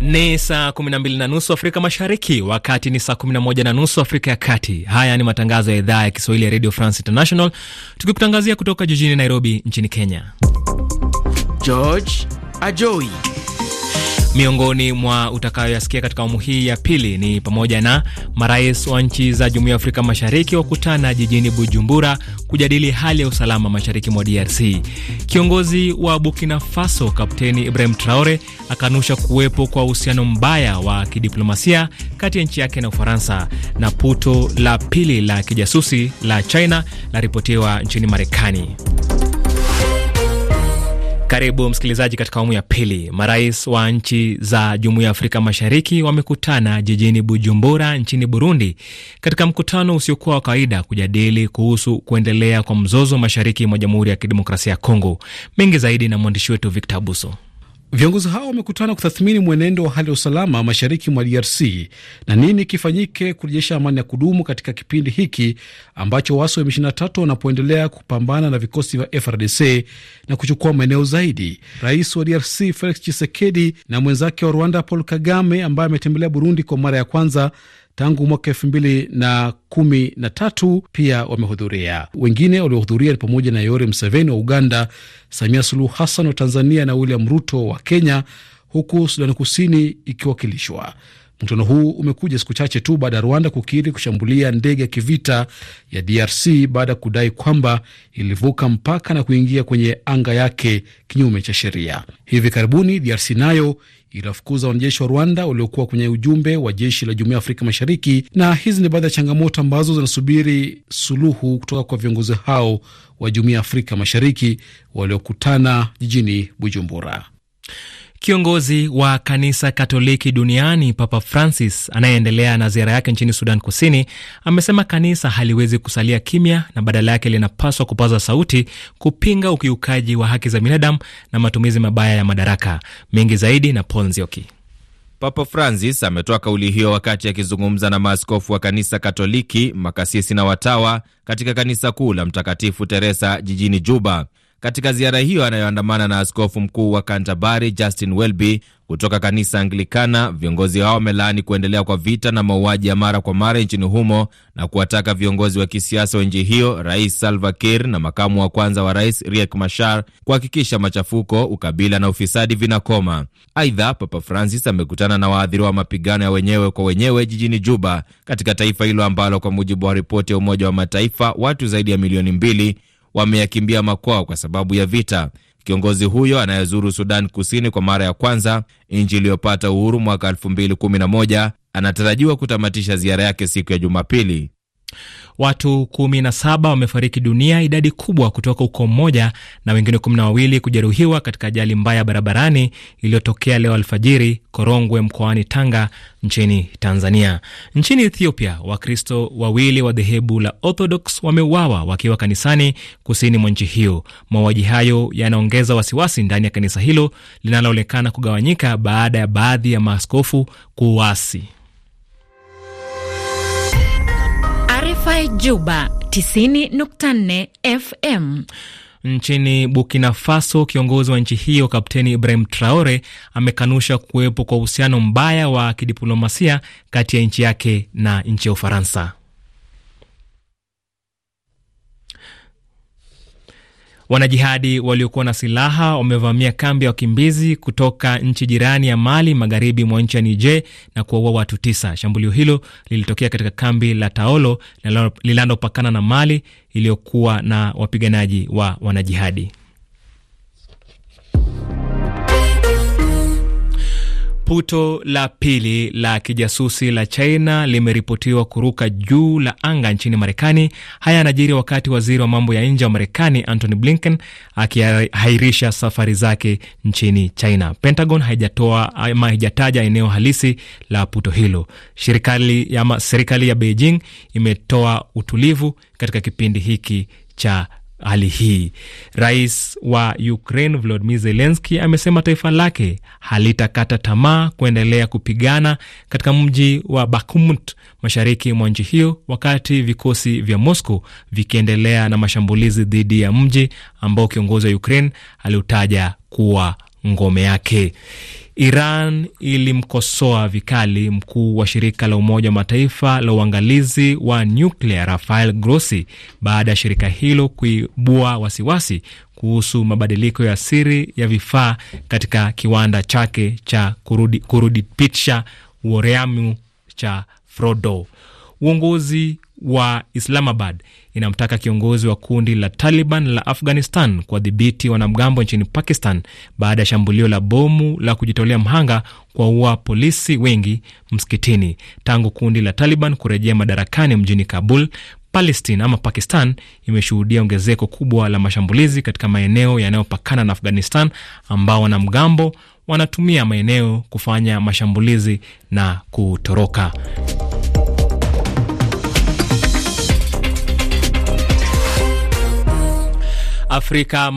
Ni saa 12 na nusu Afrika Mashariki, wakati ni saa 11 na nusu Afrika ya Kati. Haya ni matangazo ya idhaa ya Kiswahili ya Radio France International, tukikutangazia kutoka jijini Nairobi nchini Kenya. George Ajoi Miongoni mwa utakayoyasikia katika awamu hii ya pili ni pamoja na marais wa nchi za Jumuiya ya Afrika Mashariki wakutana jijini Bujumbura kujadili hali ya usalama mashariki mwa DRC. Kiongozi wa Burkina Faso Kapteni Ibrahim Traore akanusha kuwepo kwa uhusiano mbaya wa kidiplomasia kati ya nchi yake na Ufaransa, na puto la pili la kijasusi la China laripotiwa nchini Marekani. Karibu msikilizaji, katika awamu ya pili. Marais wa nchi za jumuiya ya Afrika Mashariki wamekutana jijini Bujumbura nchini Burundi, katika mkutano usiokuwa wa kawaida kujadili kuhusu kuendelea kwa mzozo mashariki mwa Jamhuri ya Kidemokrasia ya Kongo. Mengi zaidi na mwandishi wetu Victor Abuso. Viongozi hao wamekutana kutathmini mwenendo wa hali ya usalama mashariki mwa DRC na nini kifanyike kurejesha amani ya kudumu katika kipindi hiki ambacho waasi wa M23 wanapoendelea kupambana na vikosi vya FRDC na kuchukua maeneo zaidi. Rais wa DRC Felix Tshisekedi na mwenzake wa Rwanda Paul Kagame ambaye ametembelea Burundi kwa mara ya kwanza tangu mwaka elfu mbili na kumi na tatu pia wamehudhuria. Wengine waliohudhuria ni pamoja na Yoweri Museveni wa Uganda, Samia Suluhu Hassan wa Tanzania na William Ruto wa Kenya, huku Sudani Kusini ikiwakilishwa. Mkutano huu umekuja siku chache tu baada ya Rwanda kukiri kushambulia ndege ya kivita ya DRC baada ya kudai kwamba ilivuka mpaka na kuingia kwenye anga yake kinyume cha sheria. Hivi karibuni DRC nayo iliwafukuza wanajeshi wa Rwanda waliokuwa kwenye ujumbe wa jeshi la Jumuiya ya Afrika Mashariki. Na hizi ni baadhi ya changamoto ambazo zinasubiri suluhu kutoka kwa viongozi hao wa Jumuiya ya Afrika Mashariki waliokutana jijini Bujumbura. Kiongozi wa kanisa Katoliki duniani Papa Francis anayeendelea na ziara yake nchini Sudan Kusini amesema kanisa haliwezi kusalia kimya na badala yake linapaswa kupaza sauti kupinga ukiukaji wa haki za binadamu na matumizi mabaya ya madaraka. Mengi zaidi na Paul Nzioki. Papa Francis ametoa kauli hiyo wakati akizungumza na maaskofu wa kanisa Katoliki, makasisi na watawa katika kanisa kuu la Mtakatifu Teresa jijini Juba katika ziara hiyo anayoandamana na askofu mkuu wa Canterbury Justin Welby kutoka kanisa Anglikana. Viongozi hao wamelaani kuendelea kwa vita na mauaji ya mara kwa mara nchini humo na kuwataka viongozi wa kisiasa wa nchi hiyo, Rais Salva Kiir na makamu wa kwanza wa rais Riek Machar, kuhakikisha machafuko, ukabila na ufisadi vinakoma. Aidha, Papa Francis amekutana na waathiriwa wa mapigano ya wenyewe kwa wenyewe jijini Juba, katika taifa hilo ambalo kwa mujibu wa ripoti ya Umoja wa Mataifa watu zaidi ya milioni mbili wameyakimbia makwao kwa sababu ya vita. Kiongozi huyo anayezuru Sudan Kusini kwa mara ya kwanza, nchi iliyopata uhuru mwaka 2011, anatarajiwa kutamatisha ziara yake siku ya Jumapili Watu 17 wamefariki dunia, idadi kubwa kutoka uko mmoja, na wengine 12 kujeruhiwa katika ajali mbaya barabarani iliyotokea leo alfajiri Korongwe mkoani Tanga nchini Tanzania. Nchini Ethiopia, Wakristo wawili wa dhehebu la Orthodox wameuawa wakiwa kanisani kusini mwa nchi hiyo. Mauaji hayo yanaongeza wasiwasi ndani ya kanisa hilo linaloonekana kugawanyika baada ya baadhi ya maaskofu kuuasi RFI Juba 90.4 FM. Nchini Burkina Faso, kiongozi wa nchi hiyo Kapteni Ibrahim Traore amekanusha kuwepo kwa uhusiano mbaya wa kidiplomasia kati ya nchi yake na nchi ya Ufaransa. Wanajihadi waliokuwa na silaha wamevamia kambi ya wakimbizi kutoka nchi jirani ya Mali, magharibi mwa nchi ya Niger na kuwaua watu tisa. Shambulio hilo lilitokea katika kambi la Taolo linalopakana na Mali iliyokuwa na wapiganaji wa wanajihadi. Puto la pili la kijasusi la China limeripotiwa kuruka juu la anga nchini Marekani. Haya yanajiri wakati waziri wa mambo ya nje wa Marekani Antony Blinken akihairisha safari zake nchini China. Pentagon haijatoa ama haijataja eneo halisi la puto hilo. Serikali ya Beijing imetoa utulivu katika kipindi hiki cha hali hii. Rais wa Ukraine Volodymyr Zelensky amesema taifa lake halitakata tamaa kuendelea kupigana katika mji wa Bakhmut mashariki mwa nchi hiyo, wakati vikosi vya Moscow vikiendelea na mashambulizi dhidi ya mji ambao kiongozi wa Ukraine aliutaja kuwa ngome yake. Iran ilimkosoa vikali mkuu wa shirika la Umoja wa Mataifa la uangalizi wa nyuklia Rafael Grossi baada ya shirika hilo kuibua wasiwasi kuhusu mabadiliko ya siri ya vifaa katika kiwanda chake cha kurudi, kurudi picha uoreamu cha Frodo. Uongozi wa Islamabad inamtaka kiongozi wa kundi la Taliban la Afghanistan kuwadhibiti wanamgambo nchini Pakistan baada ya shambulio la bomu la kujitolea mhanga kuwaua polisi wengi msikitini. Tangu kundi la Taliban kurejea madarakani mjini Kabul, palestin ama Pakistan imeshuhudia ongezeko kubwa la mashambulizi katika maeneo yanayopakana na Afghanistan ambao wanamgambo wanatumia maeneo kufanya mashambulizi na kutoroka. Afrika